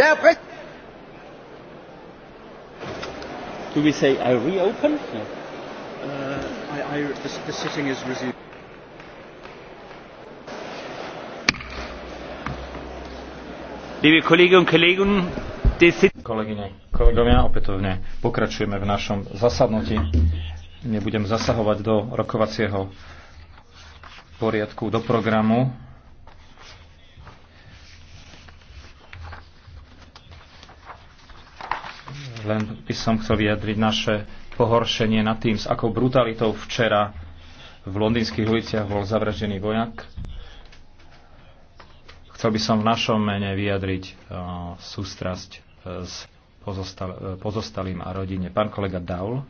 d'après. Do we say I reopen? No. Uh, I, I, the, the sitting is resumed. Liebe Kolleginnen und Kollegen, Kolegyne, kolegovia, opätovne pokračujeme v našom zasadnutí. Nebudem zasahovať do rokovacieho poriadku, do programu. Len by som chcel vyjadriť naše pohoršenie nad tým, s akou brutalitou včera v londýnskych uliciach bol zavraždený vojak. Chcel by som v našom mene vyjadriť uh, sústrasť uh, s pozostal, uh, pozostalým a rodine. Pán kolega Daul.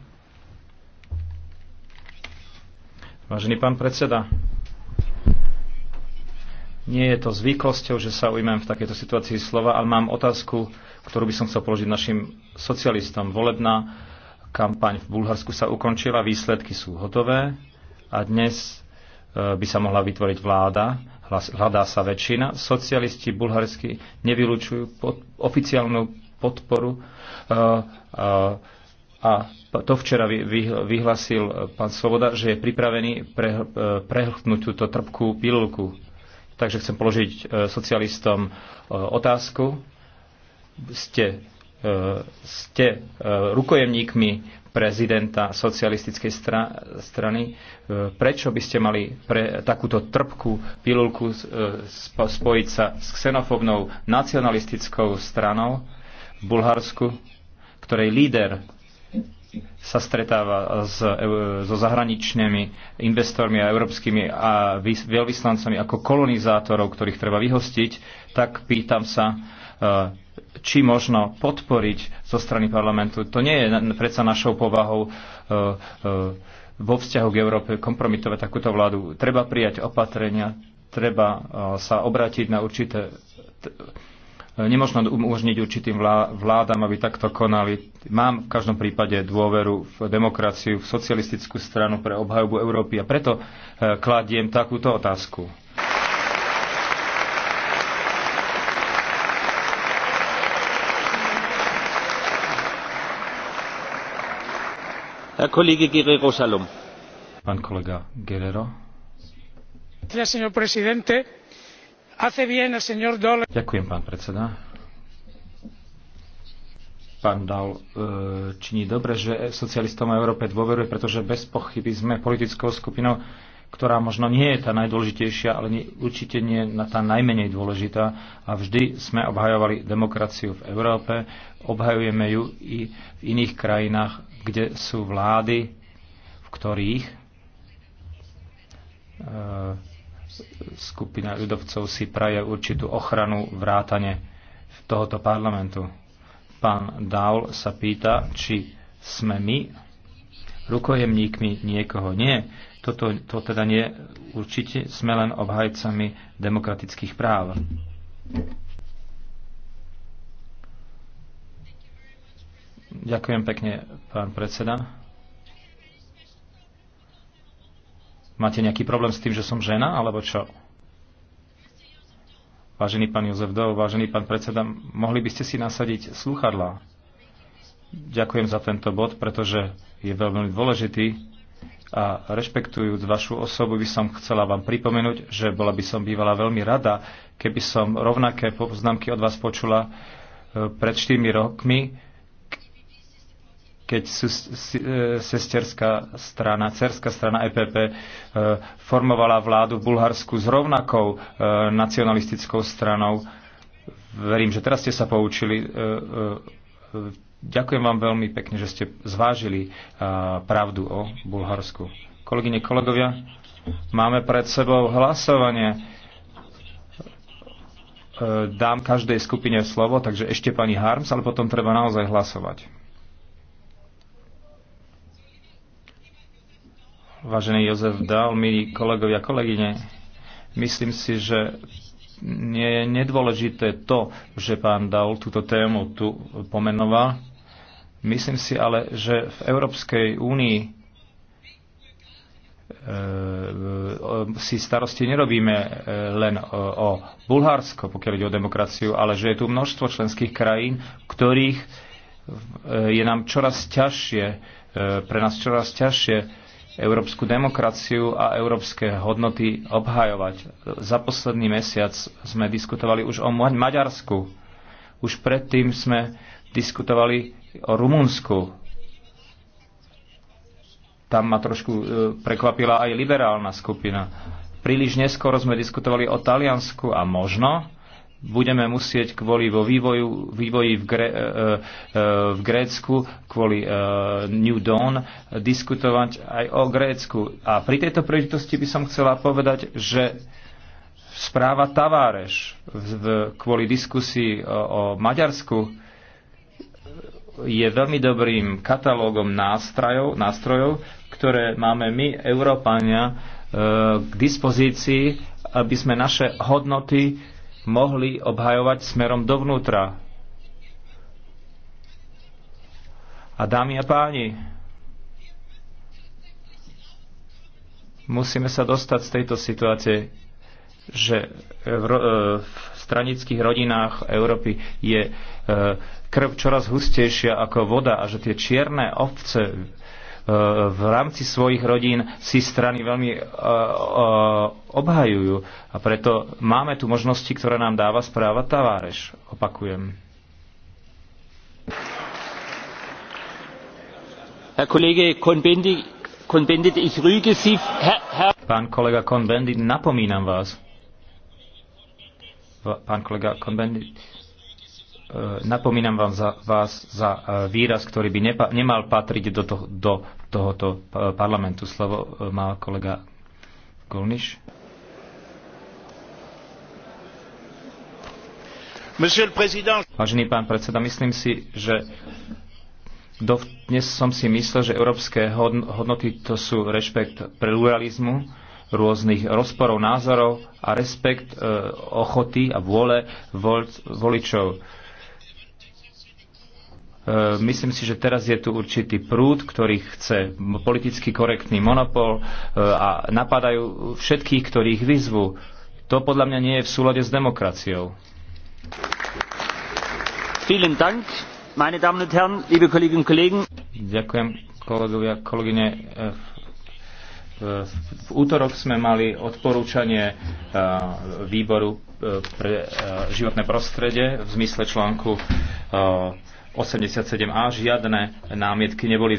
Vážený pán predseda, nie je to zvyklosťou, že sa ujmem v takejto situácii slova, ale mám otázku, ktorú by som chcel položiť našim socialistom. Volebná kampaň v Bulharsku sa ukončila, výsledky sú hotové a dnes e, by sa mohla vytvoriť vláda, hľadá sa väčšina. Socialisti bulharsky nevylučujú pod, oficiálnu podporu a, e, e, a to včera vyhlasil pán Svoboda, že je pripravený pre, prehltnúť túto trpkú pilulku Takže chcem položiť e, socialistom e, otázku. Ste, e, ste rukojemníkmi prezidenta socialistickej strany. Prečo by ste mali pre takúto trpkú pilulku spojiť sa s xenofobnou nacionalistickou stranou v Bulharsku, ktorej líder sa stretáva s, so zahraničnými investormi a európskymi a veľvyslancami ako kolonizátorov, ktorých treba vyhostiť, tak pýtam sa, e, či možno podporiť zo strany parlamentu. To nie je predsa našou povahou e, e, vo vzťahu k Európe kompromitovať takúto vládu. Treba prijať opatrenia, treba sa obrátiť na určité E, Nemôžno um, umožniť určitým vládam, aby takto konali. Mám v každom prípade dôveru v demokraciu, v socialistickú stranu pre obhajobu Európy a preto e, kladiem takúto otázku. Pán kolega Guerrero. Gracias, señor presidente Ďakujem, pán predseda. Pán Dal e, činí dobre, že socialistom a Európe dôveruje, pretože bez pochyby sme politickou skupinou, ktorá možno nie je tá najdôležitejšia, ale nie, určite nie na tá najmenej dôležitá. A vždy sme obhajovali demokraciu v Európe, obhajujeme ju i v iných krajinách, kde sú vlády, v ktorých e, skupina ľudovcov si praje určitú ochranu vrátane tohoto parlamentu. Pán Daul sa pýta, či sme my rukojemníkmi niekoho. Nie, toto, to teda nie. Určite sme len obhajcami demokratických práv. Ďakujem pekne, pán predseda. Máte nejaký problém s tým, že som žena, alebo čo? Vážený pán Jozef Dov, vážený pán predseda, mohli by ste si nasadiť slúchadlá? Ďakujem za tento bod, pretože je veľmi dôležitý a rešpektujúc vašu osobu by som chcela vám pripomenúť, že bola by som bývala veľmi rada, keby som rovnaké poznámky od vás počula eh, pred 4 rokmi, keď e, sesterská strana, cerská strana EPP e, formovala vládu v Bulharsku s rovnakou e, nacionalistickou stranou. Verím, že teraz ste sa poučili. Ďakujem vám veľmi pekne, že ste zvážili pravdu o Bulharsku. Kolegyne, kolegovia, máme pred sebou hlasovanie dám každej skupine slovo, takže ešte pani Harms, ale potom treba naozaj hlasovať. vážený Jozef Dal, milí kolegovia, kolegyne. Myslím si, že nie je nedôležité to, že pán Dal túto tému tu pomenoval. Myslím si ale, že v Európskej únii e, e, si starosti nerobíme e, len o Bulharsko, pokiaľ ide o demokraciu, ale že je tu množstvo členských krajín, ktorých je nám čoraz ťažšie, pre nás čoraz ťažšie európsku demokraciu a európske hodnoty obhajovať. Za posledný mesiac sme diskutovali už o Maďarsku. Už predtým sme diskutovali o Rumunsku. Tam ma trošku e, prekvapila aj liberálna skupina. Príliš neskoro sme diskutovali o Taliansku a možno budeme musieť kvôli vo vývoju, vývoji v, Gre, e, e, e, v Grécku, kvôli New Dawn, diskutovať aj o Grécku. A pri tejto príležitosti by som chcela povedať, že správa Taváreš v, kvôli diskusii o, o Maďarsku je veľmi dobrým katalógom nástrojov, nástrojov ktoré máme my, Európania, k dispozícii, aby sme naše hodnoty mohli obhajovať smerom dovnútra. A dámy a páni, musíme sa dostať z tejto situácie, že v, e, v stranických rodinách Európy je e, krv čoraz hustejšia ako voda a že tie čierne ovce v rámci svojich rodín si strany veľmi e, e, obhajujú. A preto máme tu možnosti, ktoré nám dáva správa Taváreš. Opakujem. Pán kolega Konbendit, napomínam vás. Pán kolega Konbendit. E, napomínam vám za, vás za e, výraz, ktorý by nepa, nemal patriť do, to, do tohoto e, parlamentu. Slovo má kolega Golniš. Vážený pán predseda, myslím si, že do, dnes som si myslel, že európske hodnoty to sú rešpekt pre pluralizmu, rôznych rozporov názorov a rešpekt e, ochoty a vôle voličov. E, E, myslím si, že teraz je tu určitý prúd, ktorý chce politicky korektný monopol e, a napadajú všetkých, ktorých vyzvu. To podľa mňa nie je v súlade s demokraciou. Vielen Dank, meine Damen und Herren, liebe Kolleginnen und Kollegen. Ďakujem, kolegovia, kolegyne. E, v útorok sme mali odporúčanie výboru pre životné prostredie v zmysle článku 87a žiadne námietky neboli vznesené.